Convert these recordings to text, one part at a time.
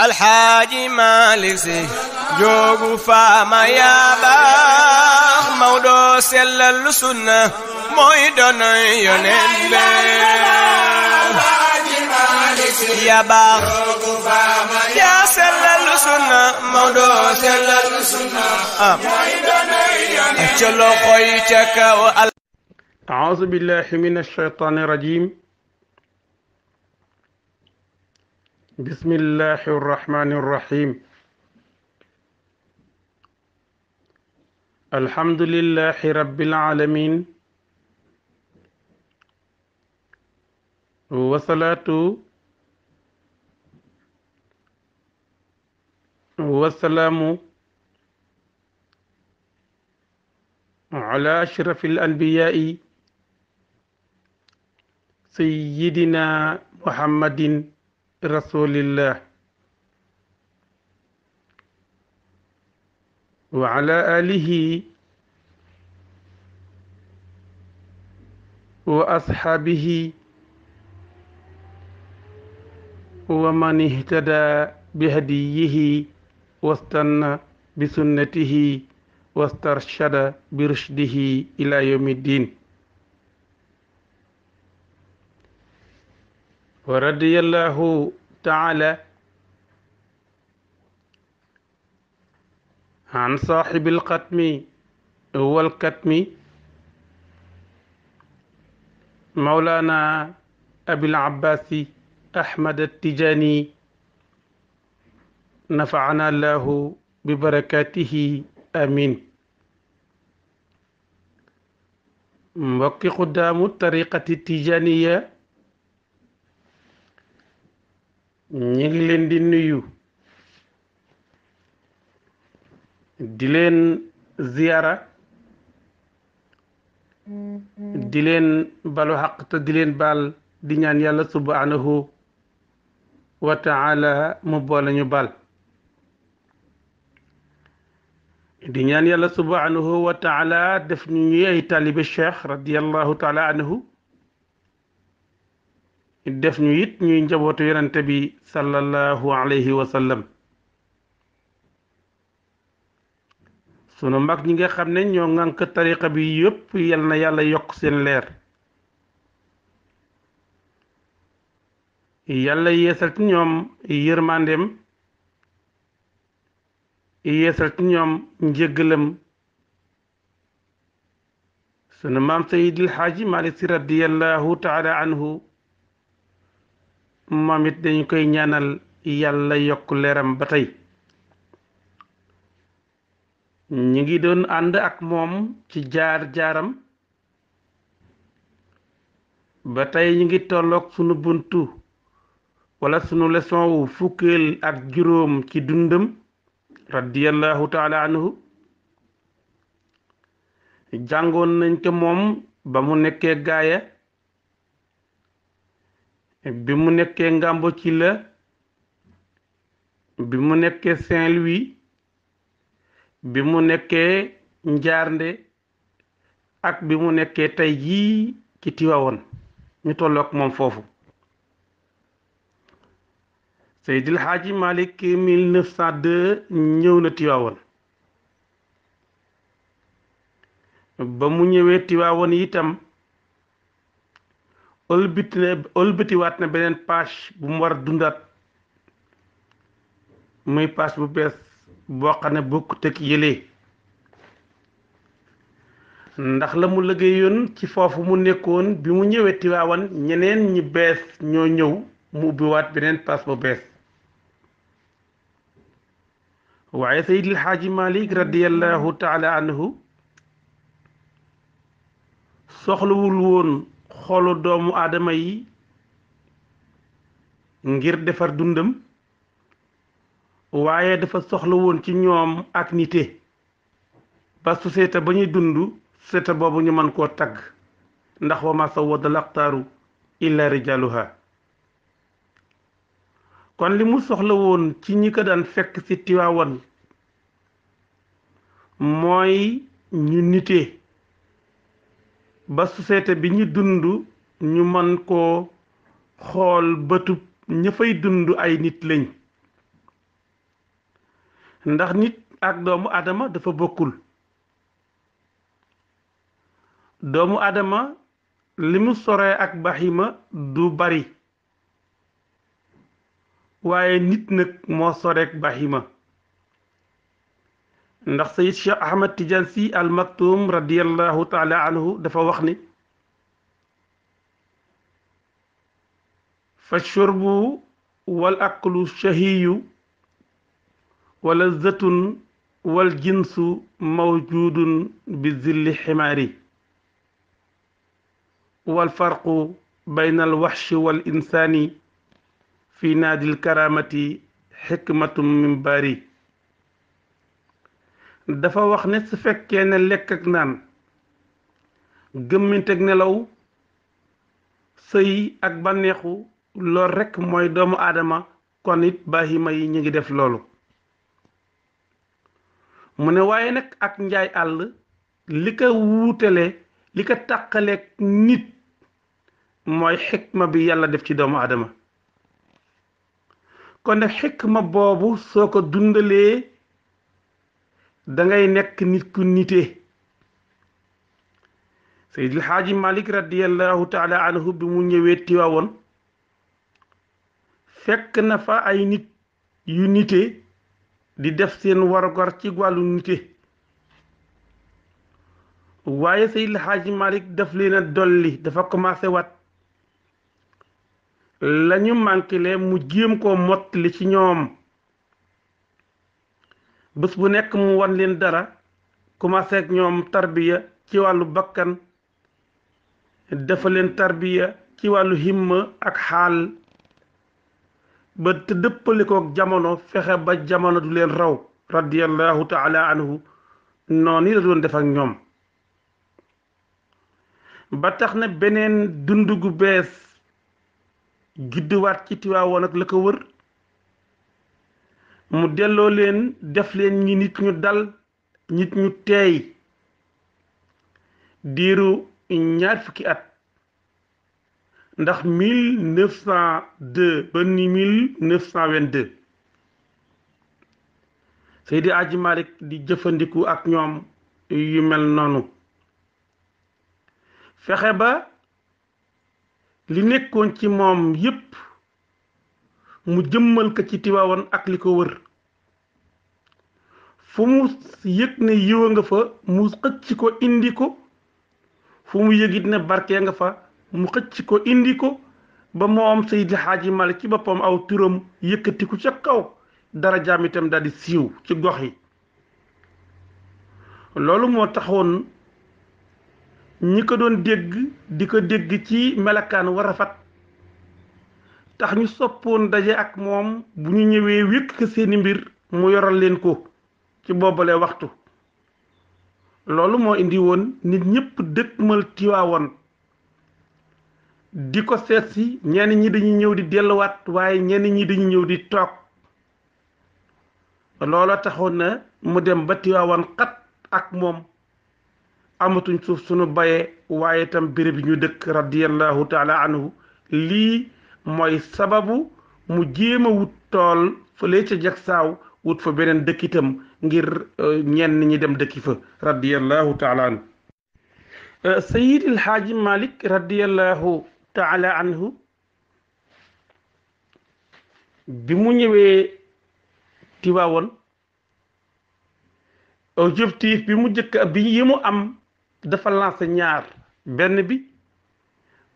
الحاج سي جوغو فاما يا با مودو سلل سنة موي دوني يونين يا با يا سلل سنة مودو سلل سنة موي آه. دوني يونين أعوذ بالله من الشيطان الرجيم بسم الله الرحمن الرحيم الحمد لله رب العالمين والصلاة والسلام على أشرف الأنبياء سيدنا محمد رسول الله وعلى آله وأصحابه ومن اهتدى بهديه واستنى بسنته واسترشد برشده إلى يوم الدين ورضي الله تعالى عن صاحب القتم والكتم مولانا أبي العباس أحمد التجاني نفعنا الله ببركاته آمين mbokki قدام الطريقة التجانية ñu ngi leen di nuyu di leen ziyara di leen balu di leen baal di ñaan yàlla subhanahu wa taala mu boole ñu di ñaan yàlla subhanahu wa taala def ñu ñuy ay taalibe radiallahu taala anhu def ñu it ñuy njabootu yonente bi sallallahu alayhi sunu mag ñi nga xam ne ñoo ŋànk tariqa bi yëpp yal na yàlla yokk seen leer yàlla yeesal ci ñoom yërmandeem yeesal ci ñoom njëggalam sunu maam sayidil xaaji malik si radiyallahu taala anhu moom it dañ koy ñaanal yàlla yokk leeram ba tey ñi ngi doon ànd ak moom ci jaar-jaaram ba tey ñi ngi tolloog sunu buntu wala sunu leçon wu fukkeel ak juróom ci dundam radiyallahu taala jàngoon nañ ko moom ba mu nekkee gaaya bi mu nekkee Ngambo ci la bi mu nekkee Saint-Louis bi mu nekkee Njaarnde ak bi mu nekkee tey jii ci Tiwaawoon ñu tolloog moom foofu Seydil Hadji Malick 1902 ñëw na Tiwaawoon ba mu ñëwee Tiwaawoon itam ëlbiti ne na beneen page bu mu war dundaat muy page bu bees boo xam ne ndax lamu mu liggéeyoon ci foofu mu nekkoon bi mu ñëwee Tiwaawan ñeneen ñi bees ñoo ñëw mu ubbiwaat beneen paas bu bees waaye Seydil Xaaji Malik radiallahu anhu soxlawul woon xoolu doomu aadama yi ngir defar dundam waaye dafa soxla woon ci ñoom ak nite ba société ba ñuy dund société boobu ñu mën koo tagg ndax wa ma sawadal aqtaaru illa rijaluha kon li mu soxla woon ci ñi ko daan fekk ci tiwaawan mooy ñu nite ba société bi ñu dund ñu mën koo xool bëtub ña fay dund ay nit lañ ndax nit ak doomu Adama dafa bokkul doomu aadama li mu soree ak baxima du bari waaye nit nag moo soreek baxima ndax sayid cheikh ahmad tidiane si al maktoum radiallahu taala anhu dafa wax ni fa shurbu wal aklu shahiyu wa lazzatun wal jinsu mawjudun bi zilli ximaari wal farqu bayna al waxshi wal insaani fi naadi al karamati xikmatum min baari dafa wax ne su fekkee ne lekk ak naan gëmminte ak nelaw sëy ak bànneexu loolu rekk mooy doomu aadama kon it bahima yi ñu ngi def loolu mu ne waaye nag ak njaay àll li ko wuutale li ko tàqaleeg nit mooy xekk ma bi yàlla def ci doomu aadama kon xekk ma boobu soo ko dundalee dangay nekk nit ku nitee Seydil Xaaji Malik radiallahu taala anhu bi mu ñëwee Tiwaawoon fekk na fa ay nit yu nite di def seen wargor ci wàllu nite waaye Seydil Xaaji Malik daf leen a dolli dafa commencé wat lañu manqué mu jéem koo mottali ci ñoom bés bu nekk mu wan leen dara commencé ñoom tarbiya ci wàllu bakkan dafa leen tarbiya ci wàllu himma ak xaal ba te dëppale kook jamono fexe ba jamono du leen raw radiyallahu taala anhu noonu la doon def ak ñoom ba tax na beneen dund gu bees judduwaat ci Tiwaawoon ak la ko wër mu delloo leen def leen ñi nit ñu dal nit ñu teey diiru ñaar fukki at ndax 1902 ba ni 1922 Seydi Aji Malik di jëfandiku ak ñoom yu mel noonu fexe ba li nekkoon ci moom yépp mu jëmmal ko ci Tiwaawan ak li ko wër fu mu yëg ne yiwa nga fa mu xëcc ko indi ko fu mu yëgit ne barkee nga fa mu xëcc ko indi ko ba moom Seydi Xaaji Malik ci boppam aw turam yëkkatiku ca kaw dara jaam itam daal siiw ci gox yi loolu moo taxoon ñi ko doon dégg di ko dégg ci melakaan wa rafet tax ñu soppoon daje ak moom bu ñu ñëwee wékk seeni mbir mu yoral leen ko ci boobale waxtu loolu moo indi woon nit ñëpp dëkkmal Tiwaawoon di ko seet si ñenn ñi dañu ñëw di delluwaat waaye ñenn ñi dañuy ñëw di toog loola taxoon na mu dem ba Tiwaawoon xat ak moom amatuñ suuf sunu bayee waaye tam béréb yi ñu dëkk radiyallahu taala anhu lii mooy sababu mu jéem a wut tool fële ca jagsaaw wut fa beneen dëkkitam ngir euh, ñenn ñi dem dëkki fa radiallahu taala anhu euh, sayid ilhaaji malik radiallahu taala anhu bi mu ñëwee tiwaawoon objectif bi mu jëkk bi yi mu am dafa lancé ñaar benn bi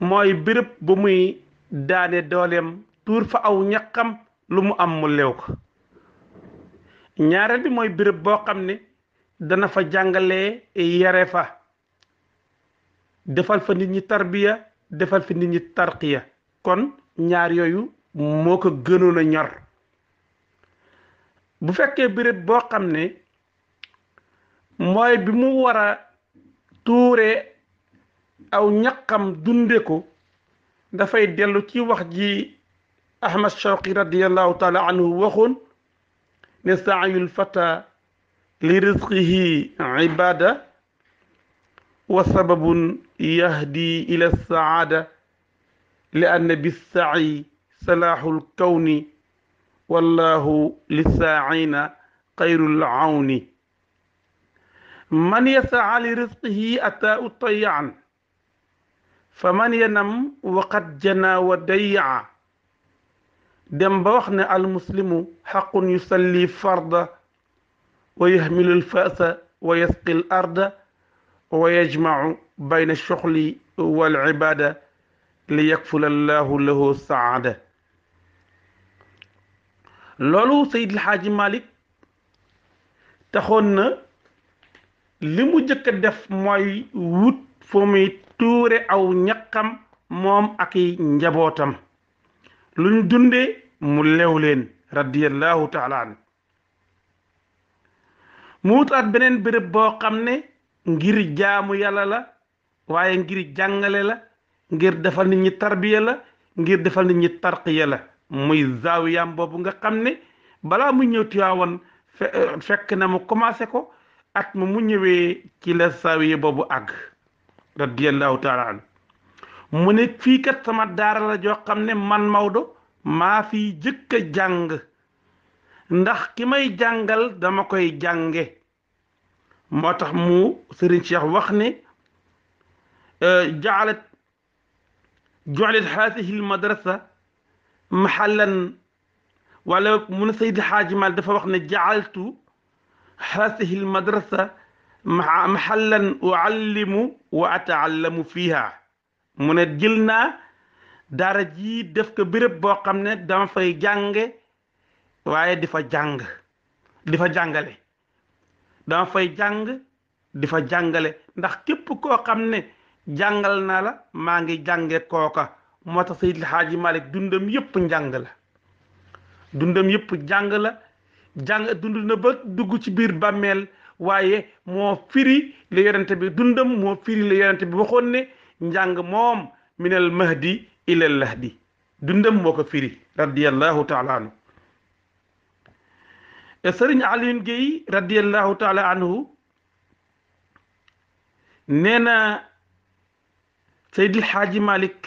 mooy béréb ba muy daane dooleem tuur fa aw ñaqam lu mu am mu lew ko ñaareel bi mooy bërëb boo xam ne dana fa jàngale yare fa defal fa nit ñi tarbiya defal fa nit ñi tarqiya kon ñaar yooyu moo ko gënoon a ñor bu fekkee béréb boo xam ne mooy bi mu war a tuure aw ñaxam dunde ko دا ديالو ديلو تي واخ جي احمد شوقي رضي الله تعالى عنه وخن نستعي الفتى لرزقه عباده وسبب يهدي الى السعاده لان بالسعي صلاح الكون والله للساعين خير العون من يسعى لرزقه اتاه طيعا فمن ينم وقد جنا وديع دم بوخنا المسلم حق يصلي فرض ويهمل الفأس ويسقي الأرض ويجمع بين الشغل والعبادة ليكفل الله له السعادة لولو سيد الحاج مالك تخون لمجك دف موي ووت fu muy tuure aw ñaqam moom ak i njabootam ñu dunde mu lew leen radiyallahu taala an mu wutaat beneen bërëb boo xam ne ngir jaamu yàlla la waaye ngir jàngale la ngir defal nit ñi tarbiya la ngir defal nit ñi tarqiya la muy zaawiyam boobu nga xam ne balaa mu ñëw Tiwaawan fekk na mu commencé ko at ma mu ñëwee ci la zaawiya boobu àgg radiyallahu taala an mu ne fii kat sama daara la joo xam ne man Maodo maa fi jëkk a jàng ndax ki may jàngal dama koy jànge moo tax mu Sëriñ Cheikh wax ne euh, jaalat joxlet haadihi madrasa mahallan wala mu ne Seydi Xaaji Maal dafa wax ne jaaltu haadihi madrasa maxallan uallimu wa fi fiiha mu ne jël naa daara ji def ko béréb boo xam ne dama fay jànge waaye di fa jàng di jàngale dama fay jàng difa fa jàngale ndax képp koo xam ne jàngal na la maa ngi jànge kooka moo tax Seydil Haaji Malick dundam yëpp njàng la dundam yëpp jàng la jàng dund na ba dugg ci biir bàmmeel waaye moo firi la yonente bi dundam moo firi la yonente bi waxoon ne njàng moom minal mahdi ilal lahdi dundam moo ko firi radiallahu taala anhu e sëriñ Alioune Guèye radiallahu taala anhu nee na Seydil Xaaji Malik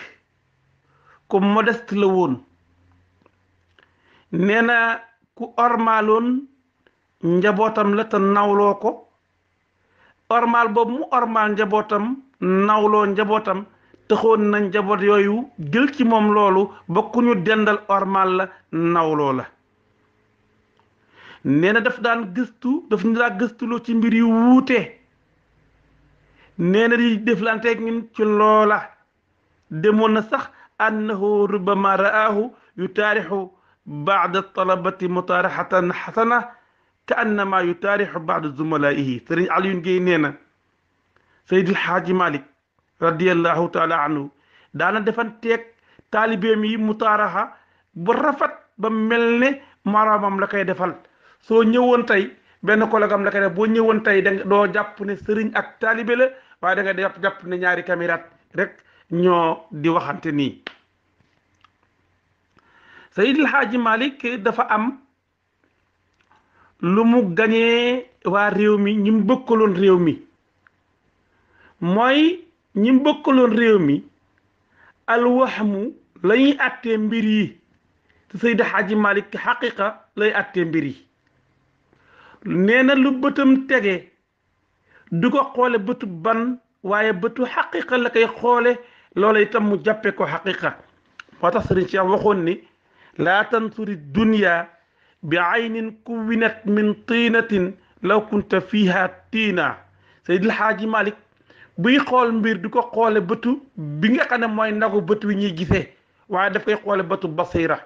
ku modeste la woon nee ku ormaaloon njabootam la te nawloo ko ormaal boobu mu ormaal njabootam nawloo njabootam taxoon na njaboot yooyu jël ci moom loolu ba ku ñu dendal ormaal la nawloo la nee na daf daan gëstu daf ñu daa gëstuloo ci mbir yu wuute nee na di deflanteeg ñun ci loola demoon na sax annahu rubama ra'ahu yu taarixu baada talabati mutaaraxatan xasana ka annama yu taarixu baadu zumalaa'ihi sëriñ Alioune Guèye nee na Seydil Xaaji Malick radiallahu taala anhu daana defanteeg taalibeem yi mutaaraxa bu rafet ba mel ne maraamam la koy defal soo ñëwoon tey benn collègue am la koy boo ñëwoon tey da doo jàpp ne sëriñ ak taalibe la waaye da nga jàpp jàpp ne ñaari camérat rek ñoo di waxante nii Seydil Xaaji Malick dafa am lu mu gañee waa réew mi ñi mu bokkaloon réew mi mooy ñi mu réew mi alwaxmu lañuy àttee mbir yi te Seydi Hadji Malick xaqiqa lay àttee mbir yi nee na lu bëtam tege du ko xoole bëtu ban waaye bëtu xaqiqa la koy xoole loola itam mu jàppe ko xaqiqa moo tax sëriñ Cheikh waxoon ni laa tansuri dunya بعين كونت من طينة لو كنت فيها تينة سيد الحاج مالك بيقول خول مبير دوكو خول بتو بيغا خانا موي نغو بتو ني غيسه واي دا فاي خول بتو بصيره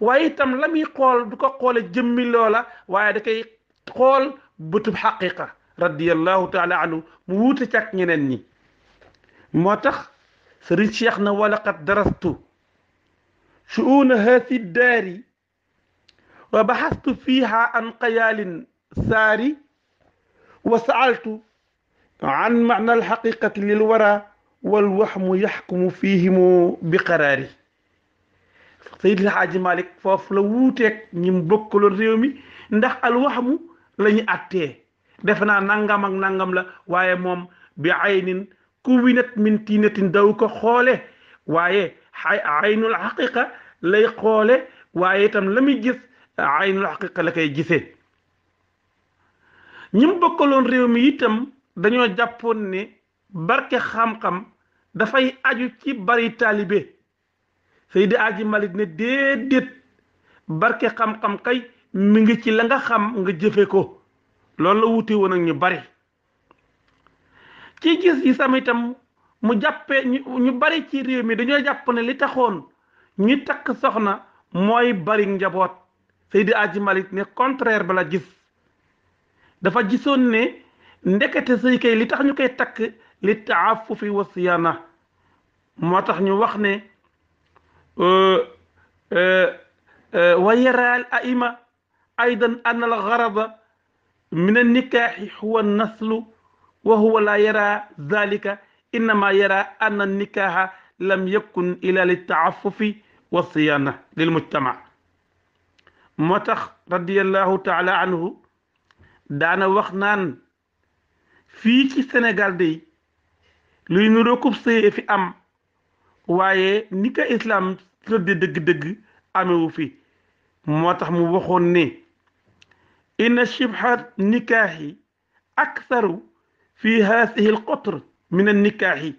واي تام لامي خول دوكو خول جيمي لولا واي دا كاي خول بتو حقيقه رضي الله تعالى عنه موت تاك نينن ني موتاخ سيرين شيخنا ولقد درست شؤون هذه الداري فبحثت فيها عن خيال ساري وسألت عن معنى الحقيقة للورى والوحم يحكم فيهم بقراري سيد الحاج مالك فافلووتك نيم بوكل ريومي ندخ الوحم لني أتي دفنا نانغام نانغام لا وايه موم بعين كوينت من تينة دوك خوله وايه عين الحقيقة لي خوله وايه تم لمي جس aynul xaqiqa la koy gisee ñi mu bokkaloon réew mi itam dañoo jàppoon ni barke xam-xam dafay aju ci bari taalibe Seydi Aji malit ne déedéet barke xam-xam kay mi ngi ci la nga xam nga jëfe ko loolu la wuute woon ak ñu bari ci gis yi sam itam mu jàppee ñu bari ci réew mi dañoo jàpp ne li taxoon ñu takk soxna mooy bari njaboot سيدي أجي مالك ني كونترير بلا جيس دا فا جيسون ني نديكتي سي كاي لي تخ ني كاي تاك لي تعفف ما تخ ني واخ ني ويرى الأئمة أيضا أن الغرض من النكاح هو النسل وهو لا يرى ذلك إنما يرى أن النكاح لم يكن إلا للتعفف والصيانة للمجتمع moo tax radiallahu taala anhu daana wax naan fii ci sénégal day luy nu rokkub sëyee fi am waaye ni ka islam rëdde dëgg-dëgg amewu fi moo tax mu waxoon ne inna shibha nikaahi aksaru fi haasihi alqotr min annikaahi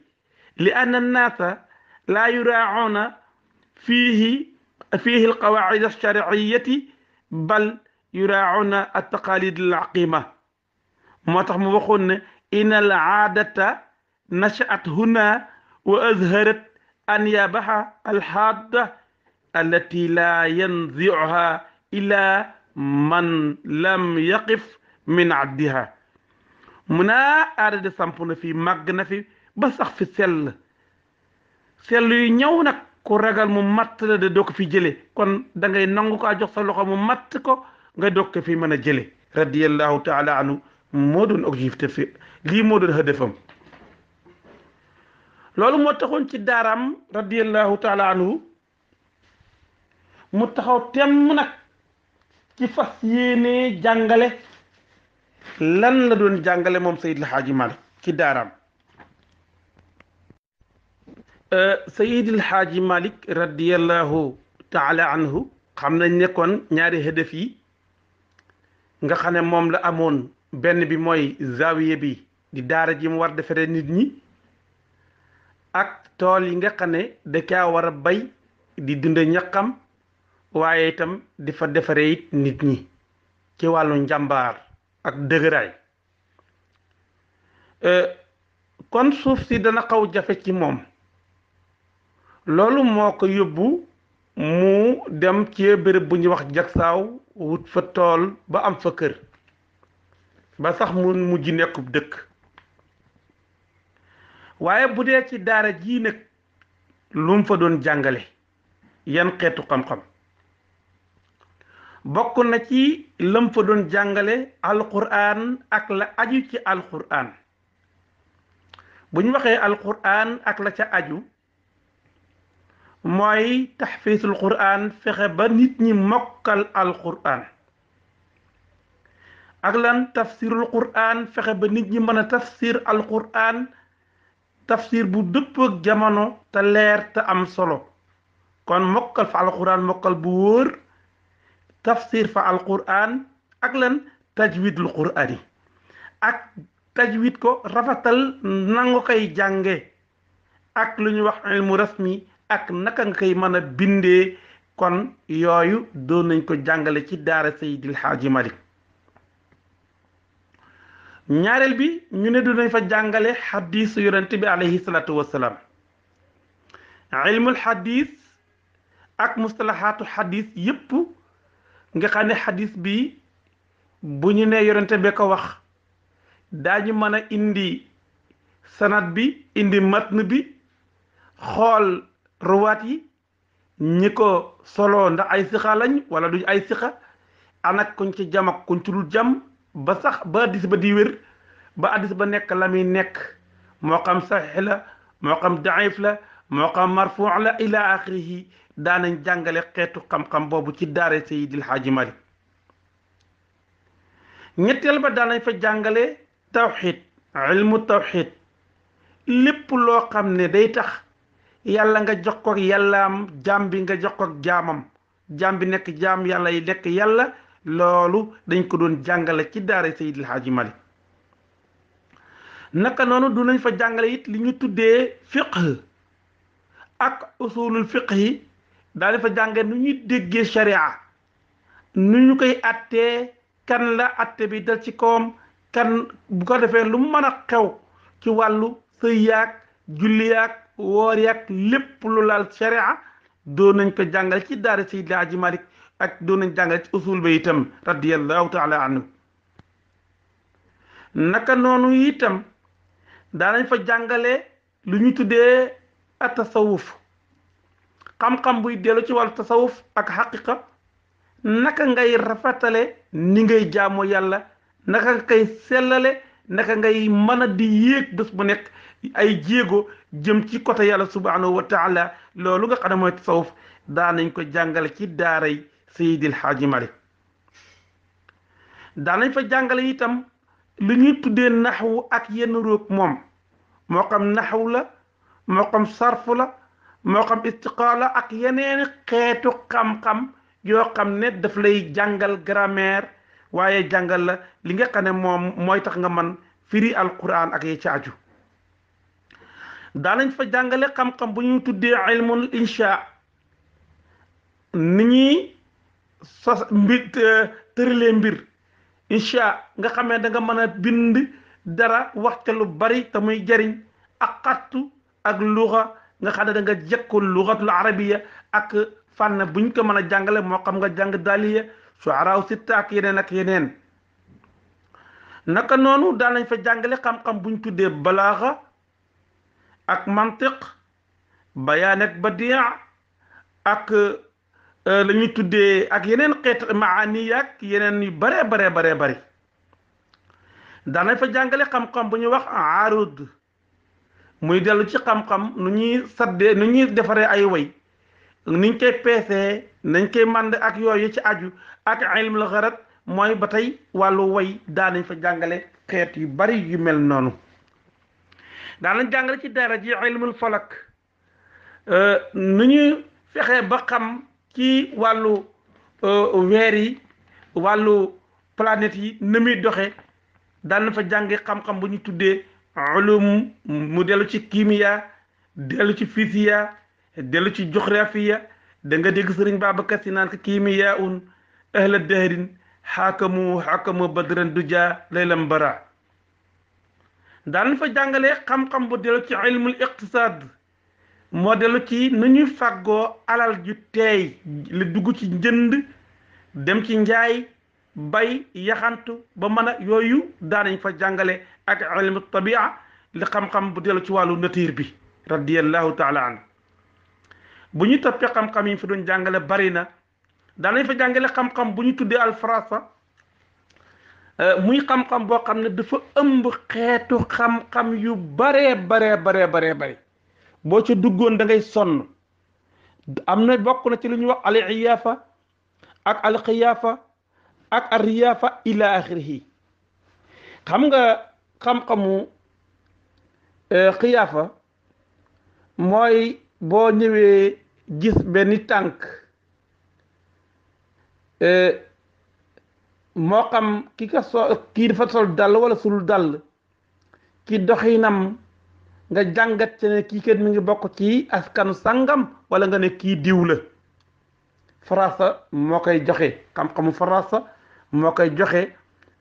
li anna annaasa laa yuraacuuna fiihi فيه القواعد الشرعية بل يراعون التقاليد العقيمة موتاخ مو إن العادة نشأت هنا وأظهرت أنيابها الحادة التي لا ينزعها إلا من لم يقف من عدها منا أرد de في na بسخ في na fi ينونك ku ragal mu matt la de doo fi jële kon dangay ngay nangu kaa jox sa loxo mu matt ko nga doog ko fi mën a jële radiyallahu taala anhu moo doon fi lii moo doon hëdëfam loolu moo taxoon ci daaraam radiyallahu taala anhu mu taxaw temm nag ci fas yéenee jàngale lan la doon jàngale moom Seydil Haaji Malik ci daaram Euh, sayidil xaaji malik radiallahu taala anhu xam nañ ne kon ñaari hëdëf yi nga xam ne moom la amoon benn bi mooy zawiye bi di daara ji mu war defere nit ñi ak tool yi nga xam ne da war a bay di dund ñaqam waaye itam di fa defare it nit ñi ci wàllu njàmbaar ak dëgëraay euh, kon suuf si dana xaw jafe ci moom loolu moo ko mu dem ci béréb bu ñuy wax jagsaaw wut fa tool ba am fa kër ba sax mu mujj nekkub dëkk waaye bu dee ci daara ji nag lu mu fa doon jàngale yan xeetu xam-xam bokk na ci lam fa doon jàngale alquran ak la aju ci alquran bu ñu waxee alquran ak la ca aju mooy taxfiisul quran fexe ba nit ñi mokkal quran ak lan tafsirul quran fexe ba nit ñi mën a tafsir quran tafsir bu dëpp ak jamono te leer te am solo kon mokkal fa al quran mokkal bu wóor tafsir fa al quran ak lan tajwidul quran ak tajwid ko rafatal nangu jange jànge ak luñu wax ilmu rasmi ak naka nga koy mën a bindee kon yooyu doon nañ ko jàngale ci daara Seydil Haaji Malik ñaareel bi ñu ne dinañ fa jàngale xadis yonent bi alayhi salaatu wassalaam ilmul xadis ak mustalahaatu xadis yépp nga xam ne xadis bi bu ñu ne yonent bi ko wax daañu mën a indi sanat bi indi matn bi xool ruwaat yi ñi ko solo ndax ay sixa lañ wala duñ ay sixa anak kuñ ci jam ak kuñ ci dul jam ba sax ba addis ba di wér ba addis ba nekk la muy nekk moo xam saxiix la moo xam daif la moo xam marfuu la ila axirihi daanañ jàngale xeetu xam-xam boobu ci daare Seydil Haaji Malik ñetteel ba daanañ fa jàngale tawxid ilmu tawxid lépp loo xam ne day tax yàlla nga jox ko yàllaam jaam bi nga jox ko jaamam jaam bi nekk jaam yàlla yi nekk yàlla loolu dañ ko doon jàngale ci daara Seydil Hadji Malick naka noonu du nañ fa jàngale it li ñu tuddee fiqh ak usulul fiqh yi daal di fa jànge nu ñuy déggee sharia nu ñu koy attee kan la atte bi dal ci kawam kan bu ko defee lu mën a xew ci wàllu sëy yaag julli yaag woor yàgg lépp lu laal sharia doon nañ ko jàngal ci daara Seydi Aji Malik ak doon nañ jàngal ci usul ba itam radiallahu taala anhu naka noonu itam daanañ fa jàngale lu ñu tuddee a tasawuf xam-xam buy dellu ci wàllu tasawuf ak xaqiqa naka ngay rafetale ni ngay jàmmoo yàlla naka nga koy sellale naka ngay mën a di yéeg bés bu nekk ay jéego jëm ci côté yàlla subhanahu wa taala loolu nga xam ne mooy tasawuf daa nañ ko jàngale ci daaray Seydil Haaji Malik daanañ nañ fa jàngale itam lu ñuy tuddee naxwu ak yenn roog moom moo xam naxwu la moo xam sarfu la moo xam istiqaala ak yeneen xeetu xam-xam yoo xam ne daf lay jàngal grammaire waaye jàngal la li nga xam ne moom mooy tax nga man firi alquran ak yi caaju da lañ fa jàngale xam-xam bu ñu tuddee ilmun insha ni ñuy sos mbir mbir insha nga xamee da nga mën a bind dara wax lu bari te muy jariñ ak xattu ak luxa nga xam ne da nga jekkul luxatul arabiya ak fànn buñ ko mën a jàngale moo xam nga jàng daliya suaraaw sitta ak yeneen ak yeneen naka noonu daan lañ fa jàngale xam-xam buñ tuddee balaaxa ak mantiq bayaan ba badia ak euh, la tuddee ak yeneen xeet maani ak yeneen yu bare bare bare bëri daanañ fa jàngale xam-xam bu ñuy wax arud muy dellu ci xam-xam nu ñuy saddee nu ñuy defaree ay woy niñ koy peesee nañ koy mànd ak yooyu ci aju ak ilmul xarat mooy ba tey wàllu woy daanañ fa jàngale xeet yu bari yu mel noonu daan lañ jàngale ci daara ji ilmul falak euh, nu ñuy fexe ba xam ci wàllu euh, weer yi wàllu planète yi na muy doxe daan na fa jànge xam-xam bu ñu tuddee ulum mu dellu ci kimia dellu ci fisiya dellu ci géographia da nga dégg sëriñ Babacar Si naan ko kimia un ahla dahrin xaakamu xaakamu badran duja laylam bara daan fa jàngalee xam-xam bu dellu ci ilmul iqtisaad moo dellu ci nañuy ñuy alal ju teey li dugg ci njënd dem ci njaay bay yaxantu ba mëna a yooyu daanañ fa jàngale ak ilmu tabia li xam-xam bu dellu ci wàllu nature bi radiallahu taala bu ñu toppee xam-xam yi fi doon jàngale bari na daanañ fa jàngale xam-xam bu ñu tuddee alfarasa Euh, muy xam-xam boo xam ne dafa ëmb xeetu xam-xam yu bare baree baree baree boo ci duggoon dangay sonn am na bokk na ci lu ñuy wax al iyaafa ak al xiyaafa ak al riyaafa ila axirihi xam nga xam-xamu euh, xiyaafa mooy boo ñëwee gis benn tànk euh, moo xam ki kii dafa sol dàll wala sulul dàll ki doxinam nga jàngat ci ne kii kat mi ngi bokk ci askanu sàngam wala nga ne kii diw la farasa moo koy joxe xam-xamu farasa moo koy joxe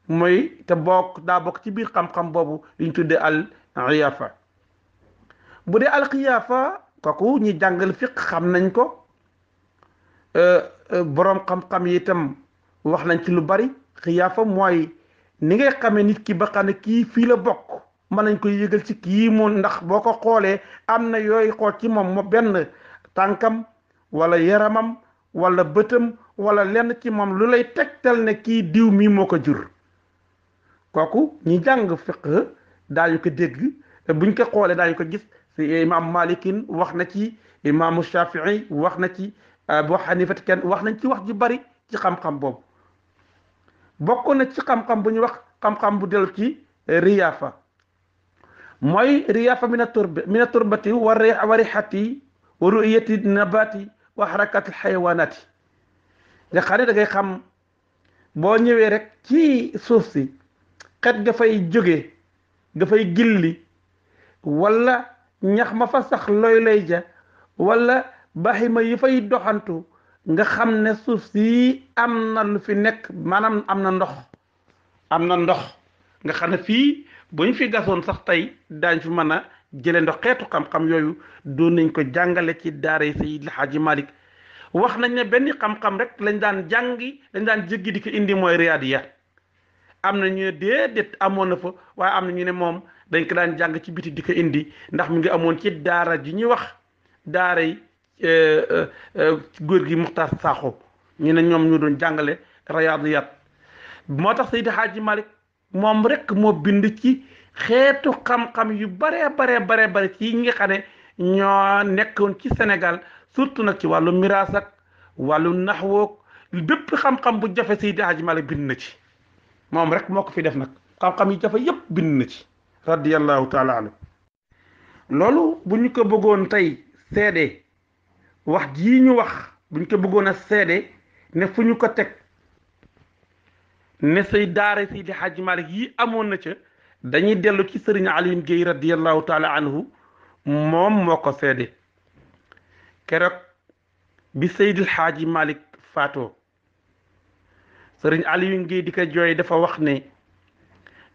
mooy te bokk daa bokk ci biir xam-xam boobu li ñu tuddee al bu dee al xiyaafa kooku ñi jàngal fiq xam nañ ko euh, euh, boroom xam-xam yi itam wax nañ ci lu bari xiyaafa mooy ni ngay xamee nit ki ba xam ne kii fii la bokk mën nañ koy yëgal ci kii moom ndax boo ko xoolee am na yooyu xool ci moom moo benn tànkam walla yaramam wala bëtam walla lenn ci moom lu lay tegtal ne kii diw mii moo ko jur kooku ñi jàng fiq daañu ko dégg buñ ko xoolee daañu ko gis fi imam wax na ci imaamu shafii wax na ci abu xanifat kenn wax nañ ci wax ji bari ci xam-xam boobu bokk na ci xam-xam bu ñu wax xam-xam bu dellu ci eh, riyaafa mooy riyaafa mina turba mina turbati wa rihati wa ru'yati nabati wa harakat alxayawanati nga xam ne da xam boo ñëwee rek ci suuf si xet ga fay jóge ga fay gilli wala ñax ma fa sax looy lay ja wala baxima yi fay doxantu nga xam ne suuf si am na lu fi nekk maanaam am na ndox am na ndox nga xam ne fii bu ñu fi gasoon sax tey daañ fi mën a jële ndox xeetu xam-xam yooyu doon nañ ko jàngale ci daara yi Seydi El Hadji Malick wax nañ ne benn xam-xam rek lañ daan jàngi lañ daan jéggi di ko indi mooy riyaadiya am na amoon na fa waaye am na ne moom dañ ko daan jàng ci biti di indi ndax mu ngi amoon ci daara ji ñuy wax daara yi Euh, euh, góor gi Muxtaar Sakho ñu ne ñoom ñu doon jàngale rayaadiyat moo tax Seydi Hadji Malick moom rekk moo bind ci xeetu xam-xam yu baree baree baree bare ci ñi nga xam ne ñoo nekkoon ci senegal surtout nag ci wàllu miraas ak wàllu naxwoog bépp xam-xam bu jafe Seydi Hadji Malick bind na ci moom rek moo ko fi def nag xam-xam yi jafe yépp bind na ci radiyallahu taala anhu loolu bu ñu ko bëggoon tey seede wax ji ñu wax buñ ko bëggoon a seede ne fu ñu ko teg ne say daara di Hadji malik yi amoon na ca dañuy dellu ci sëriñ alim Guèye radiallahu taala anhu moom moo ko seede keroog bi Seydi Hadji malik faatoo sëriñ alim Guèye di ko jooy dafa wax ne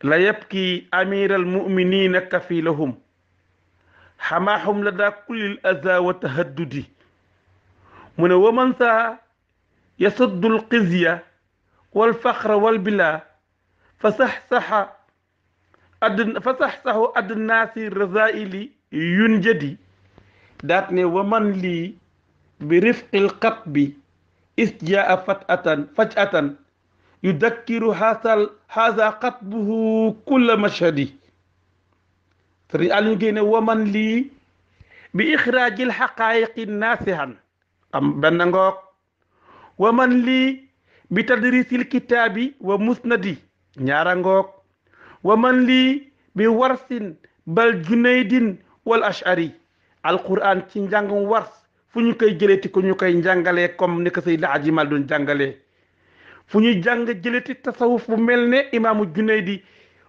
la yabki amiral muminina kafilahum xamaahum la daa kulil aza wa tahaddudi من ومن سا يسد القزية والفخر والبلا فصحصح أدن فصحصح أدن الناس الرزائل ينجدي داتني ومن لي برفق القطب إذ جاء فجأة يذكر هذا قطبه كل مشهد سري ومن لي بإخراج الحقائق الناسهن am benn ngoog wa man lii bi tadrisil kitaabi wa musnadi ñaara ngook wa man lii bi warsin bal junaydin wal ashari alquran ci njàngum wars fu ñu koy jëleeti ko ñu koy njàngalee comme ni ko say la ajimal doon jàngalee fu ñuy jàng jëleti tasawuf bu mel ne imaamu junaydi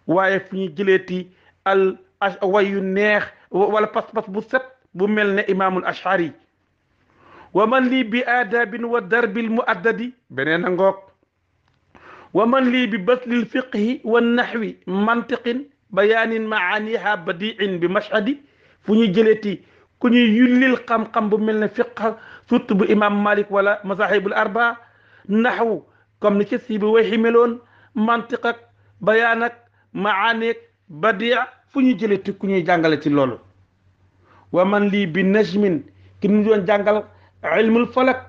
waaye fu ñuy jëleeti al way yu neex wala pas-pas bu set bu mel ne imaamul ashari ومن لي بآداب والدرب المؤدد بنين نغوك ومن لي ببثل الفقه والنحو منطق بيان معانيها بديع بمشهد فني جلتي كني يلي القم قم بملن فقه سطب إمام مالك ولا مصاحب الأربعة نحو كم نكسي بوحي ملون منطقك بيانك معانيك بديع فني جلتي كني جانغلتي لولو ومن لي بنجم كن جانغلتي علم الفلك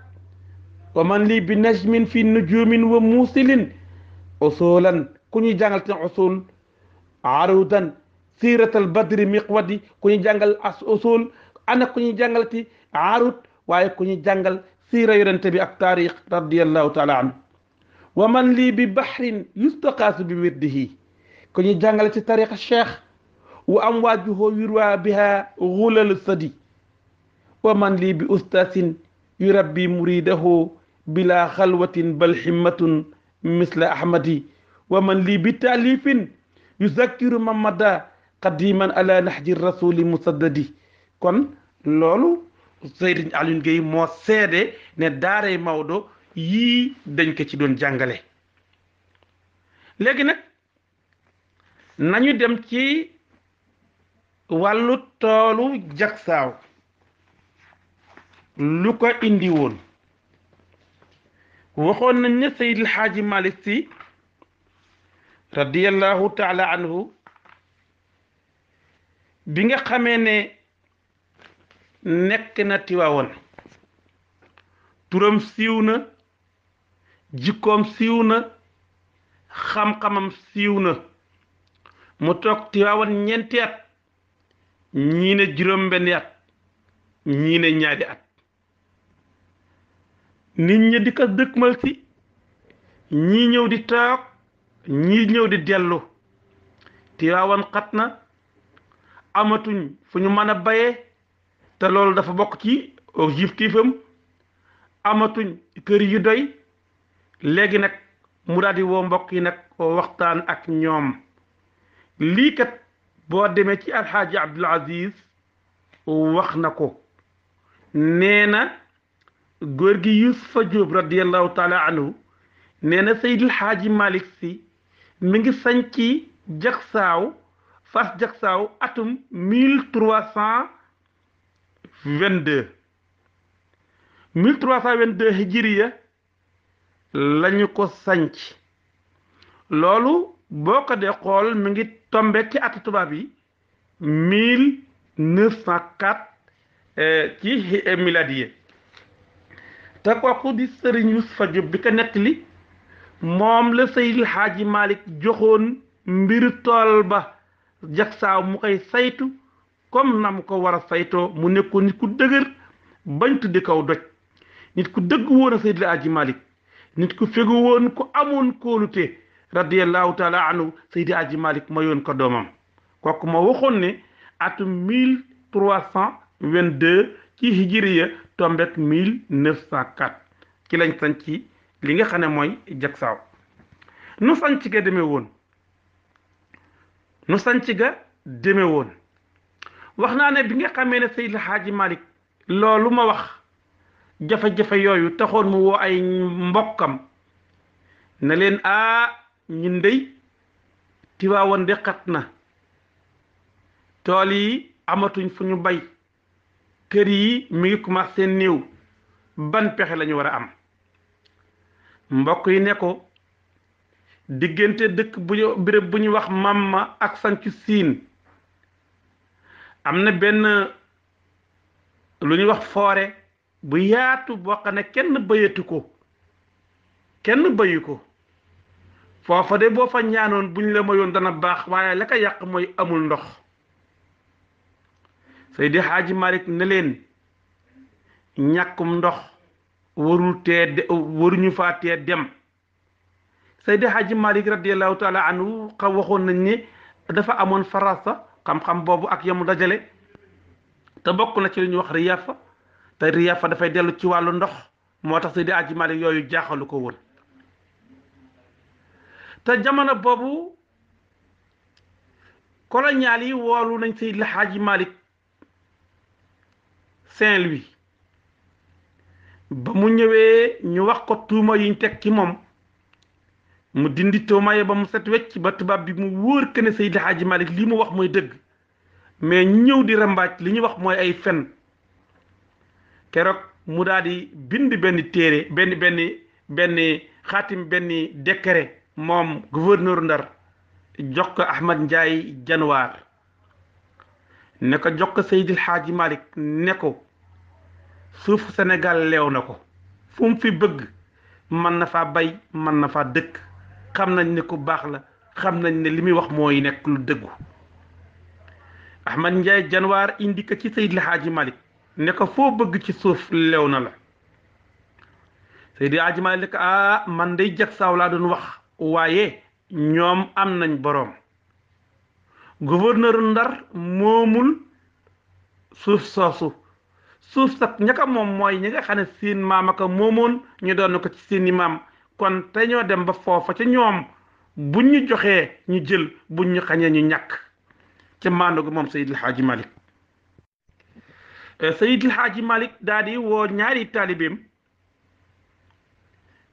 ومن لي بنجم في نجوم وموصل أصولا كوني جانغال تن أصول عروضا سيرة البدر مقودي كوني جانغال أصول أنا كوني جانغال تي عروض واي كوني جانغال سيرة يرنتبي التاريخ رضي الله تعالى عنه ومن لي ببحر يستقاس بورده كوني جانغال تي تاريخ الشيخ وأمواجه يروى بها غلل الصدي ومن لي بأستاذ yurabbi muridahu bila xalwatin bal himmatun misla ahmadi wa man lii bi taalifin yuzakkiru mamada qadiman ala nahji rasuli musaddadi kon loolu Seydi Alioune Gueye moo seede ne daaray Maodo yii dañ ko ci doon jàngale léegi nag nañu dem ci wàllu toolu jagsaaw lu ko indi woon waxoon nañ ne Seydil Xaaji malit si radiyallahu taala anhu bi nga xamee ne nekk na Tiwaawoon turam siiw na jikkoom siiw na xam-xamam siiw na mu toog Tiwaawoon ñeenti at ñiine ne juróom-benni at ñaari at nit ñi di ko dëkkmal si ñii ñëw di taaq ñii ñëw di dellu Tiwaawan xat na amatuñ fu ñu mën a bayee te loolu dafa bokk ci objectif amatuñ kër yi doy léegi nag mu daal woo mbokk yi nag waxtaan ak ñoom lii kat boo demee ci alxaaji Abdul wax na ko nee na góor gi yusufa jóob radiallahu taala anhu nee na seydil xaaji malik si mi ngi sañc jaksaaw fas saaw atum mille trois cent vingt-deux mille trois cent vingt hijiriya lañu ko sañc loolu boo ko de xool mi ngi tombe ci atu tubaab yi mille neuf cent eh, ci miladiye te kooku di sëriñ Yusufa Jóob bi ko nettali moom la Seydil Xaaji Malik joxoon mbir tool ba jagsaaw mu koy saytu comme na mu ko war a saytoo mu nekkoon nit ku dëgër bañ tuddi kaw doj ku dëgg woon Malik nit ku fegu woon ku amoon kóolute radiallahu taala anhu Seydil Xaaji Malik mayoon ko doomam kooku ma waxoon ne atum mille trois cent ci hijriya tombet 1904 ci lañ sañ ci li nga xam ne mooy jagsaaw nu sañc ga demee woon nu sañc ga deme woon wax naa ne bi nga xamee ne Seydil xaaji Malick loolu ma wax jafe-jafe yooyu taxoon mu woo ay mbokkam ne leen aa ah, ñun ndey Tiwaawan xat na tool yi amatuñ fu ñu bay kër yi mi ngi commencé néew ban pexe lañu war a am mbokk yi ne ko diggante dëkk bu ñu béréb bu ñu wax mamma ak sanc siin am na benn lu ñuy wax foore bu yaatu boo xam ne kenn bayatu ko kenn bayu ko foofa de boo fa ñaanoon bu ñu la mayoon dana baax waaye la ko yàq mooy amul ndox Seydi Xaaji Malik ne ñàkkum ndox warul tee waruñu faa tee dem Seydi de Malik radiallahu taala anhu xam waxoon nañ ne dafa amoon farasa xam-xam boobu ak yamu dajale te bokk na ci lu ñuy wax riyafa te riyafa dafay dellu ci wàllu ndox moo tax Seydi Xaaji Malik yooyu jaaxalu ko woon te jamono boobu colonial yi woolu nañ Seydi Xaaji Malik Saint-Louis ba mu ñëwee ñu wax ko tuuma yiñ teg ci moom mu dindi tuuma yi ba mu set wecc ba tubaab bi mu wóor que ne Seydi Hadji Malick li mu wax mooy dëgg mais ñëw di rambaaj li ñu wax mooy ay fen keroog mu daal di bind benn téere benn benn benn xaatim benn décret moom gouverneur Ndar jox ko Ahmad Ndiaye Januar ne ko jox ko Seydil Hadji Malick ne ko suuf Sénégal leew na ko fu mu fi bëgg mën na faa bay mën na faa dëkk xam nañ ne ku baax la xam nañ ne li muy wax mooy nekk lu dëggu Ahmad Ndiaye Janwaar indi ko ci Seydi El Hadji ne ko foo bëgg ci suuf leew na la Seydi El Hadji Malick ne ko ah man day jag saaw laa doon wax waaye ñoom am nañ boroom gouverneur Ndar moomul suuf soosu suuf sax ñaka moom mooy ñi nga xam ne seen maam moomoon ñu doon ko ci seeni maam kon te ñoo dem ba foofa ci ñoom buñ ñu joxee ñu jël buñ ñu xañee ñu ñàkk ca maandu moom Seydil Hadji Malick euh, Seydil Hadji woo ñaari taalibeem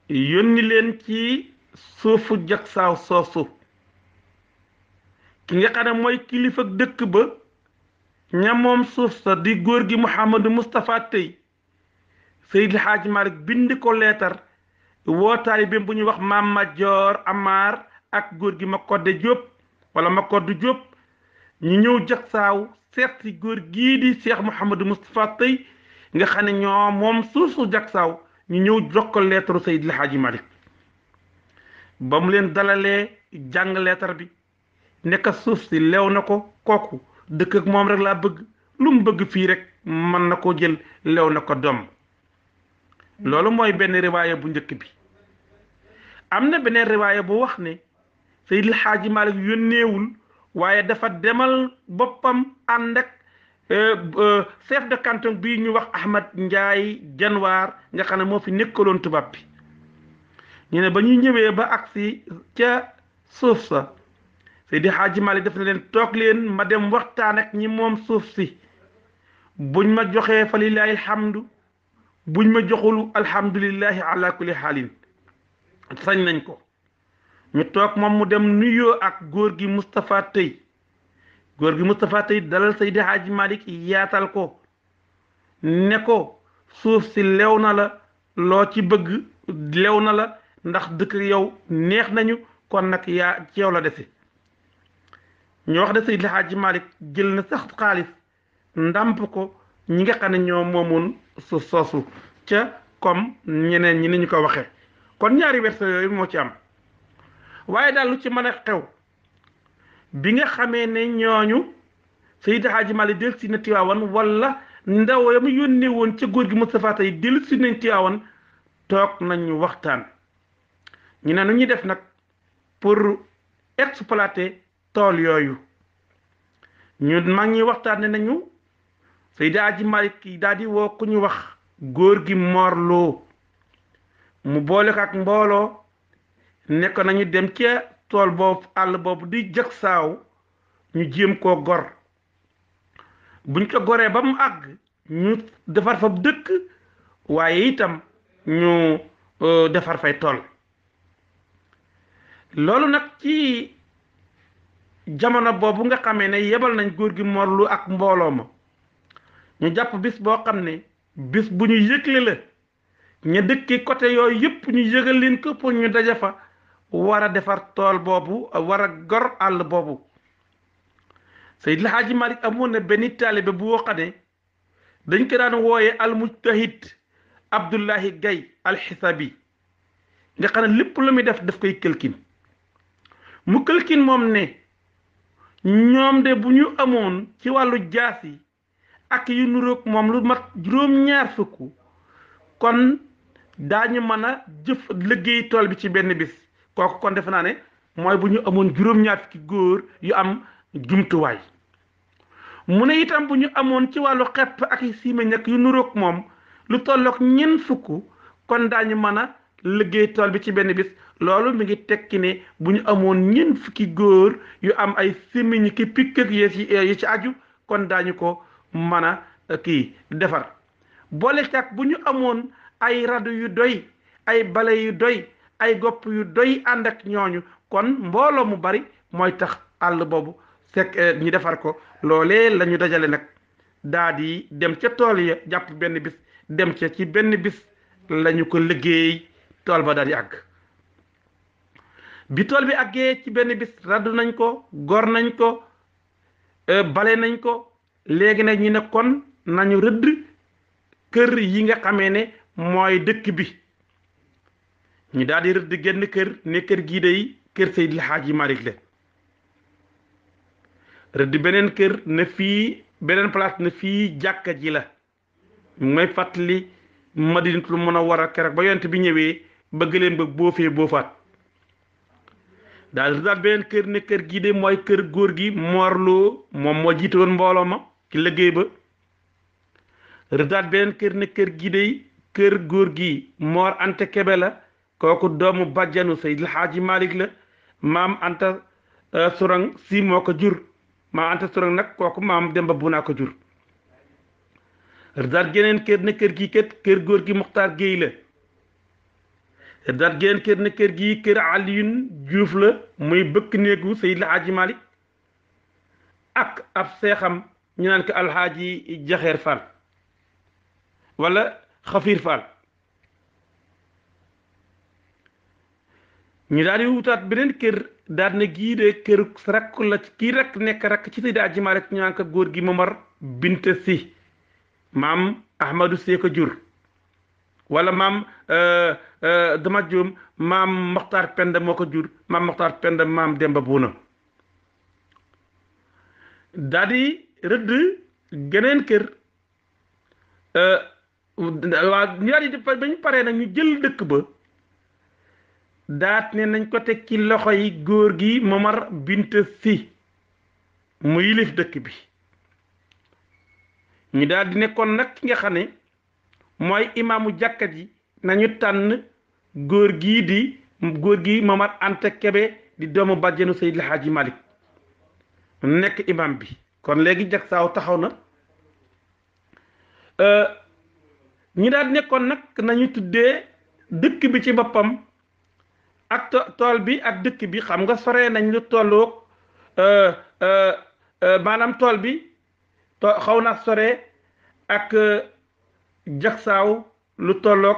yónni leen ci suufu jag saaw soosu ki nga xam mooy kilifa dëkk ba ñamoom moom suuf sa di góor gi Mouhamadou Moustapha Tey Seydil Hadji Malick bind ko leetar wootaay bi bu ñuy wax Maam Majoor Amar ak góor gi Makodde Diop wala Makoddu Diop ñu ñëw jag saaw seet si góor gi di Cheikh Mouhamadou Moustapha Tey nga xam ne ñoo moom suuf su jag saaw ñu ñëw jox ko leetaru Seydil Hadji Malick ba mu leen dalalee jàng leetar bi nekk suuf si lew na ko kooku dëkk ak moom rek laa bëgg lu mu bëgg fii rek man na jël lew na ko doom loolu mooy benn riwaaya bu njëkk bi am na beneen riwaaya bu wax ne Seydil Xaaji Malik yónneewul waaye dafa demal boppam ànd ak euh, euh, chef de canton bi ñu wax Ahmad Njaay janwar nga xam ne moo fi nekkaloon tubab bi ñu ne ba ba ca suuf Seydi Xaaji Maalik def na leen toog leen ma dem waxtaan ak ñi moom suuf si buñ ma joxee fa lillaahi alhamdu buñ ma joxul alhamdulillahi ala kulli xaalin sañ nañ ko ñu toog moom mu dem nuyoo ak góor gi Moustapha Tey góor gi Moustapha Tey dalal Seydi Xaaji Maalik yaatal ko ne ko suuf si lew na la loo ci bëgg lew na la ndax dëkk yow neex nañu kon nag yaa yow la dese ñu wax de Seydi Haaji malik jël na sax xaalis ndàmp ko ñi nga xam ne ñoo moomoon suuf soosu ca comme ñeneen ñi ni ko waxee kon ñaari version yooyu moo ci am waaye daal lu ci mën a xew bi nga xamee ne ñooñu Seydi Haaji Malick del si na Tiwaawan wala ndaw ya mu yónnee woon ca góor gi Moustapha Tey del si nañ Tiwaawan toog nañu waxtaan ñu ne nu def nag pour exploiter tool yooyu ñu mag ñi waxtaane nañu Seydi Aji Malik yi daal di woo ku ñu wax góor gi morloo mu boole ko ak mbooloo nekk nañu dem ca tool boobu àll boobu di jëg saaw ñu jéem koo gor buñ ko goree ba mu àgg ñu defar fa dëkk waaye itam ñu euh, defar fay tool loolu nag ci jamono boobu nga xamee ne yebal nañ góor gi morlu ak mbooloo ma ñu jàpp bis boo xam ne bis bu ñu yëgle la ñu dëkkee côté yooyu yëpp ñu yëgal leen ko pour ñu daje fa war a defar tool boobu war a gor àll boobu Seydil Haaji Malik amoon na benn taalibe bu woo dañ ko daan wooye almujtahid Abdullahi Gay alxisabi nga xam ne lépp lu muy def daf koy këlkin mu këlkin moom ne ñoom de bu ñu amoon ci wàllu jaas yi ak yu nurook moom lu mat juróom-ñaar fukk kon daañu mën a jëf liggéey tool bi ci benn bis kooku kon defe naa ne mooy bu ñu amoon juróom-ñaar fukki góor yu am jumtuwaay mu ne itam bu ñu amoon ci wàllu xepp ak siima ñakk yu nurook moom lu tollook ñeent fukk kon daañu mën a liggéey tool bi ci benn bis loolu mu ngi tekki ne bu ñu amoon ñeent fukki góor yu am ay sémmiñ ki pikk ak eh, ci aju kon daañu ko mën a eh, kii defar boole càkk bu ñu amoon ay radu yu doy ay bale yu doy ay gopp yu doy ànd ak ñooñu kon mbooloo mu bari mooy tax àll boobu fekk eh, ñu defar ko loolee la ñu dajale nag daadi dem ca tool ya jàpp benn bis dem ca ci benn bis lañu ko liggéey tool ba daal àgg bi tool bi àggee ci benn bis raddu nañ ko gor nañ ko euh, bale nañ ko léegi nag ñi ne kon nañu rëdd kër yi nga xamee ne mooy dëkk bi ñu daal rëdd génn kër ne kër gii day kër Seydil yi Malick la rëdd beneen kër ne fii beneen place ne fii jàkka ji la mooy fàttali lu mën Madinatul Munawwara keroog ba yonent bi ñëwee bëgg leen ba boofee boofaat daal di daal beneen kër ne kër gii de mooy kër góor gi moorloo moom moo jiite woon mbooloo ma ki liggéey ba rëddaat beneen kër ne kër gi de kër góor gi moor anta kebe la kooku doomu bàjjanu Seydil Xaaji Malick la maam anta euh, surang si moo ko jur maam anta surang nag kooku maam Demba bu naa ko jur rëddaat geneen kër ne kër gii kat kër góor gi Muxtaar Géey la daat génn kër ne kër gi kër Alioune Diouf la muy bëkk néegu Seydi El Hadji ak ab seexam ñu naan ko alxaaji jaxeer Fall wala xafiir Fall ñu daal di wutaat beneen kër daal na gii de kër rakk la kii rakk nekk rakk ci Seydi El Hadji ñu naan ko góor gi Momar Binta Si maam Ahmadou Seeka jur wala maam euh, euh, dama juum maam Moxtaar Penda moo ko jur maam Moxtaar Penda maam Demba Buuna daa di rëdd geneen kër euh, waa ñu daal ba ñu paree nag ñu jël dëkk ba daat ne nañ ko teg ci loxo yi góor gi Momar Binta Si mu yilif dëkk bi ñu daal nekkoon nag ki nga xam ne mooy imaamu jàkkat yi nañu tànn góor gi di góor gi Momar Anta Kebe di doomu bàjjenu Seydi El Hadji Malick nekk imam bi kon léegi jag saaw taxaw na euh, ñi daal nekkoon nag nañu tuddee dëkk bi ci boppam ak tool bi ak dëkk bi xam nga sore nañ lu tolloog euh, euh, maanaam tool bi xaw na sore ak jaxsaaw lu tolloog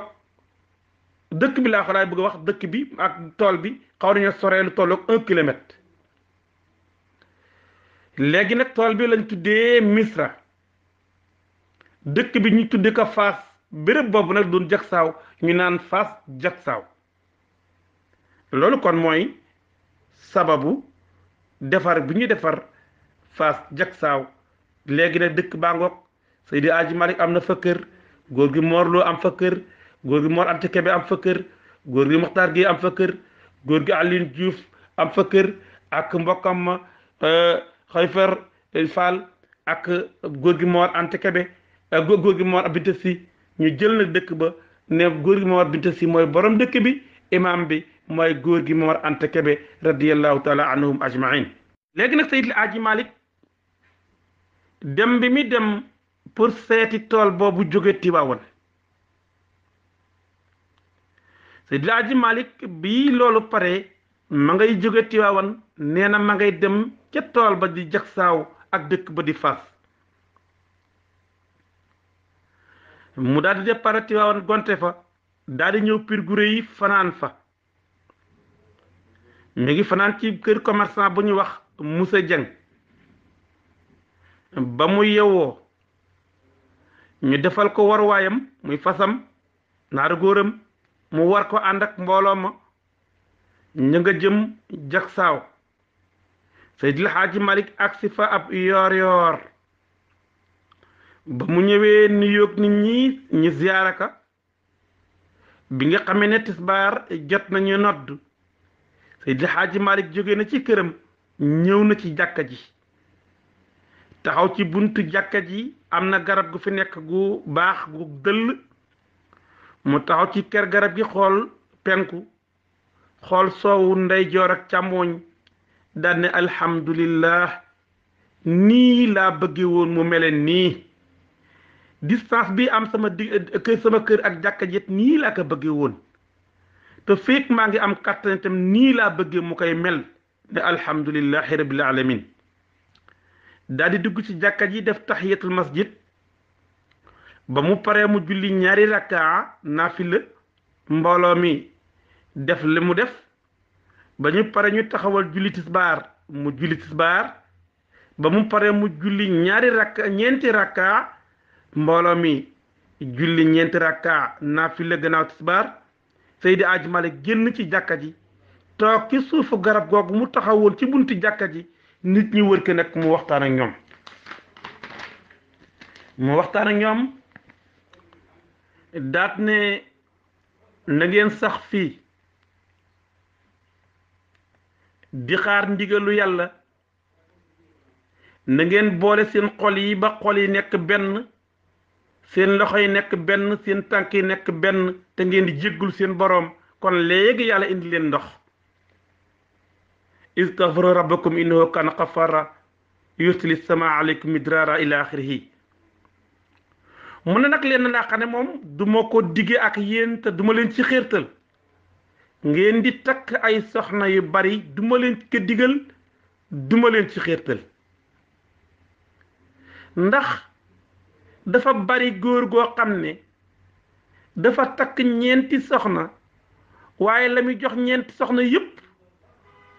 dëkk bi laa xalaay bëgg a wax dëkk bi ak tool bi xaw nañoo soree lu tolloog un kilomètre léegi nag tool bi lañ tuddee misra dëkk bi ñu tuddee ko faas béréb boobu nag doon jaxsaaw ñu naan faas jaxsaaw loolu kon mooy sababu defar bi ñuy defar faas jaxsaaw léegi nag dëkk baa ngoog Seydi Aji Malik am na fa kër góor gi Mor Lo am fa kër góor gi Mor ante Kebe am fa kër góor gi Moxtaar gi am fa kër góor gi Alioune Diouf am fa kër ak mbokkam Xayfar Fall ak góor gi Mor ante Kebe góor gi Mor Binta Si ñu jël nag dëkk ba ne góor gi Mor Binta Si mooy borom dëkk bi imam bi mooy góor gi Mor ante Kebe radiyallahu taala anhum ajmain léegi nag Seydi El Hadji malik dem bi mi dem pour seeti tool boobu jóge Tiwaawan Seydi Aji Malik bii loolu pare ma ngay jóge Tiwaawan nee na ma ngay dem ca tool ba di jagsaaw ak dëkk ba di Faas mu daal di départ Tiwaawan gonte fa daldi ñëw piir Gure yi fanaan fa mi ngi fanaan ci kër commerçant bu ñu wax Moussa Dieng ba mu yewoo ñu defal ko waruwaayam muy fasam naaru góoram mu war ko ànd ak mbooloo ma ñu nga jëm jagsaaw Seydil Xaaji Malik ak si fa ab yoor yoor ba mu ñëwee nu nit ñi ñu ziyaaraka bi nga xamee ne tisbaar jot nañu nodd Seydil Xaaji Malik jóge na ci këram ñëw na ci jàkka ji taxaw ci buntu jàkka ji am na garab gu fi nekk gu baax gu dëll mu taxaw ci kër garab gi xool penku xool soowu ndeyjoor ak càmmooñ daan ne alhamdulillah nii laa bëgge woon mu meleen nii distance bi am sama di sama kër ak jàkka ji nii laa ko bëgge woon te fekk maa ngi am kàttan itam nii laa bëgge mu koy mel ne alhamdulillahi rabbil alamin daal di dugg ci jàkka ji def tahiyatul masjid ba mu paree mu julli ñaari rakkaa naafila mbooloo mi def li mu def ba ñu pare ñu taxawal julli tisbaar mu julli tisbaar ba mu paree mu julli ñaari rakka ñeenti rakkaa mbooloo mi julli ñeenti rakkaa naafila gannaaw tisbaar Seydi Aji Malik génn ci jàkka ji toog ci suufu garab googu mu taxawoon ci buntu jàkka ji nit ñi wër ko nag mu waxtaan ak ñoom mu waxtaan ak ñoom daat ne na ngeen sax fii di xaar ndigalu yàlla na ngeen boole seen xol yi ba xol yi nekk benn seen loxo yi nekk benn seen tànk yi nekk benn te ngeen di jéggul seen boroom kon léegi yàlla indi leen ndox istaghfiru rabbakum innahu kana ghaffara yursili sama aleykum midrara ila axirihi mu ne nag leen laa xam ne moom duma ko diggee ak yéen te du leen ci xeertal ngeen di takk ay soxna yu bari du ma leen ko digal du leen ci xeertal ndax dafa bari góor goo xam ne dafa takk ñeenti soxna waaye la muy jox ñeenti soxna yépp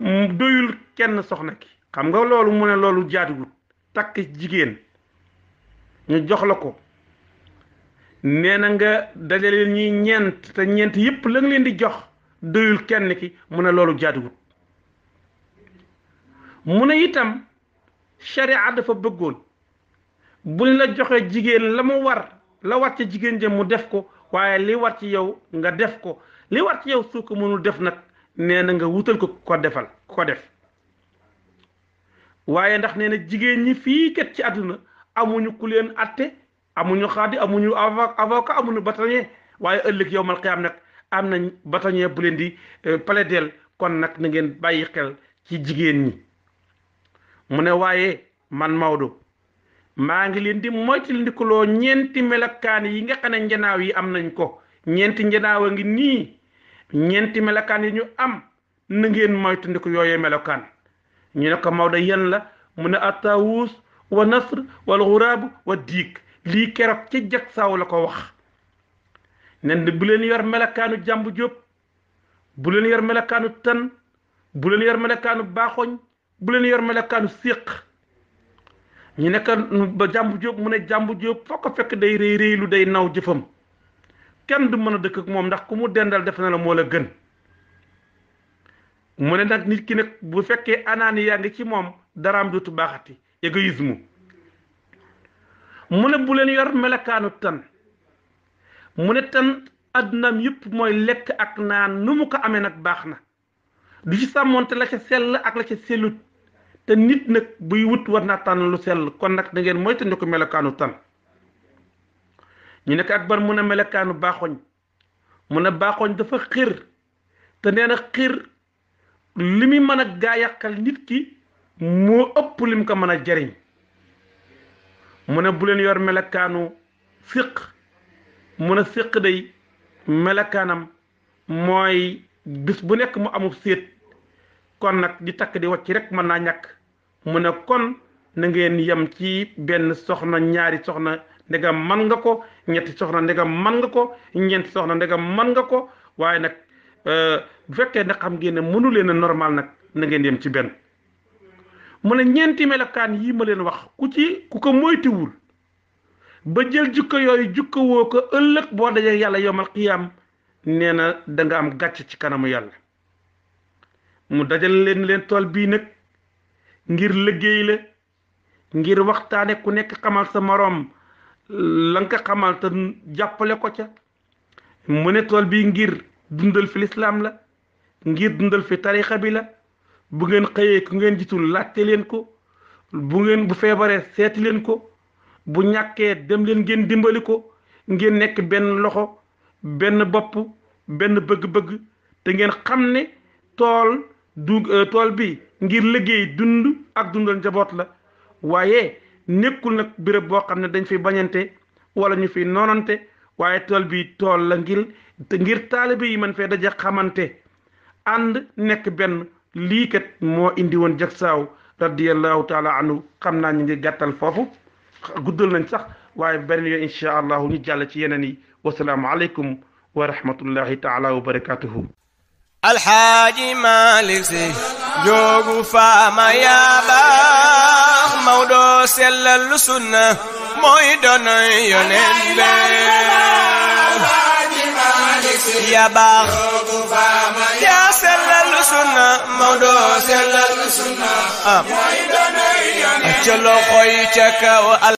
doyul kenn soxna ki xam nga loolu mu ne loolu jaatugut takk jigéen ñu jox la ko nee na nga dajale ñi ñeent te ñeent yépp la nga leen di jox doyul kenn ki mu ne loolu jaatugut mu ne itam sharia dafa bëggoon buñ la joxe jigéen la mu war la war ca jigéen jëm mu def ko waaye li war ci yow nga def ko li war ci yow su ko mënul def nag nee na nga wutal ko ko defal ko def waaye ndax nee na jigéen ñi fii kat ci àdduna amuñu ku leen atte amuñu xaadi amuñu avocat amuñu batañe waaye ëllëg yow mal xiyaam am nañ batañe bu leen di euh, plaideel kon nag nangeen bàyyi xel ci jigéen ñi mu ne waaye man Maodo maa ngi leen di moytandikuloo ñeenti melokaan yi nga xam njanaaw yi am nañ ko ñeenti njanaaw a ngi nii ñenti melokaan yi ñu am na ngeen moytandiku yooyee melokaan ñu ne ko mawda yan la mu ne attawuus wa nasr wal ghurab wa diig lii keroog ci jag saw la ko wax nen bu leen yor melokaanu jàmbu jóob bu leen yor melokaanu tan bu leen yor melokaanu baaxoñ bu leen yor melokaanu séq ñu ne ko ba jàmbu jóob mu ne jàmbu jóob foo ko fekk day réy réylu day naw jëfam kenn du mën a dëkk ak moom ndax ku mu dendal def na la moo la gën mu ne nag nit ki nag bu fekkee anaani yaa ngi ci moom dara am dootu baaxati égoïsme mu ne bu leen yor melokaanu tan mu ne tan addunaam yëpp mooy lekk ak naan nu mu ko amee nag baax na du ci sàmmoonte la ca sell ak la ca sellut te nit nag buy wut war naa tànn lu sell kon nag da ngeen moytandiku melokaanu tan ñu ne ko akbar mun a melekaanu baaxoñ mun a baaxoñ dafa xiir te neena xiir xir li muy mën a gaa yàqal nit ki moo ëpp lim ko mën a jariñ mu ne buleen yor melekaanu fiq mun a fiq day melekaanam mooy bis bu nekk mu amub séet kon nag di takk di wàcc rek mën naa ñàkk mu ne kon na ngeen yem ci benn soxna ñaari soxna ndegam man nga ko ñetti soxna ndegam man nga ko ñeenti soxna ndegam man nga ko waaye nag euh, bu fekkee ndax xam ngeen ne mënu leen a normal nag nangeen ngeen ci benn mu ne ñeenti melokaan yii ma leen wax ku ci ku ko moytiwul ba jël jukko yooyu jukko woo ko ëllëg boo dajee yàlla yomal xiyaam nee na da am gàcc ci kanamu yàlla mu dajal leen leen tool bii nag ngir liggéey la ngir waxtaane ku nekk xamal sa moroom lank nga xamal te jàppale ko ca mu ne tool bi ngir dundal fi lislaam la ngir dundal fi tarixa bi la bu ngeen xëyee ku ngeen jitu laajte leen ko bu ngeen bu feebaree seeti leen ko bu ñàkkee dem leen ngeen dimbali ko ngeen nekk benn loxo benn bopp benn bëgg-bëgg te ngeen xam ne tool du euh, tool bi ngir liggéey dund ak dundal njaboot la waaye nekkul nag béréb boo xam ne dañ fi bañante wala ñu fi noonante waaye tool bi tool la ngir ngir taalibe yi man fee daje xamante ànd nekk benn lii moo indi woon jagsaaw radiyallahu taala anhu xam naa ñu ngi foofu guddal nañ sax waaye beneen yoon incha allahu ñu jàll ci yeneen yi wasalaamu aleykum wa rahmatullahi taala wa barakatuhu Maodo sellal lu sunna mooy donoy yoneen be yaa baax yaa sellal lu sunna Maodo sellal lu sunna mooy donoy yoneen be ca loxoy ca kaw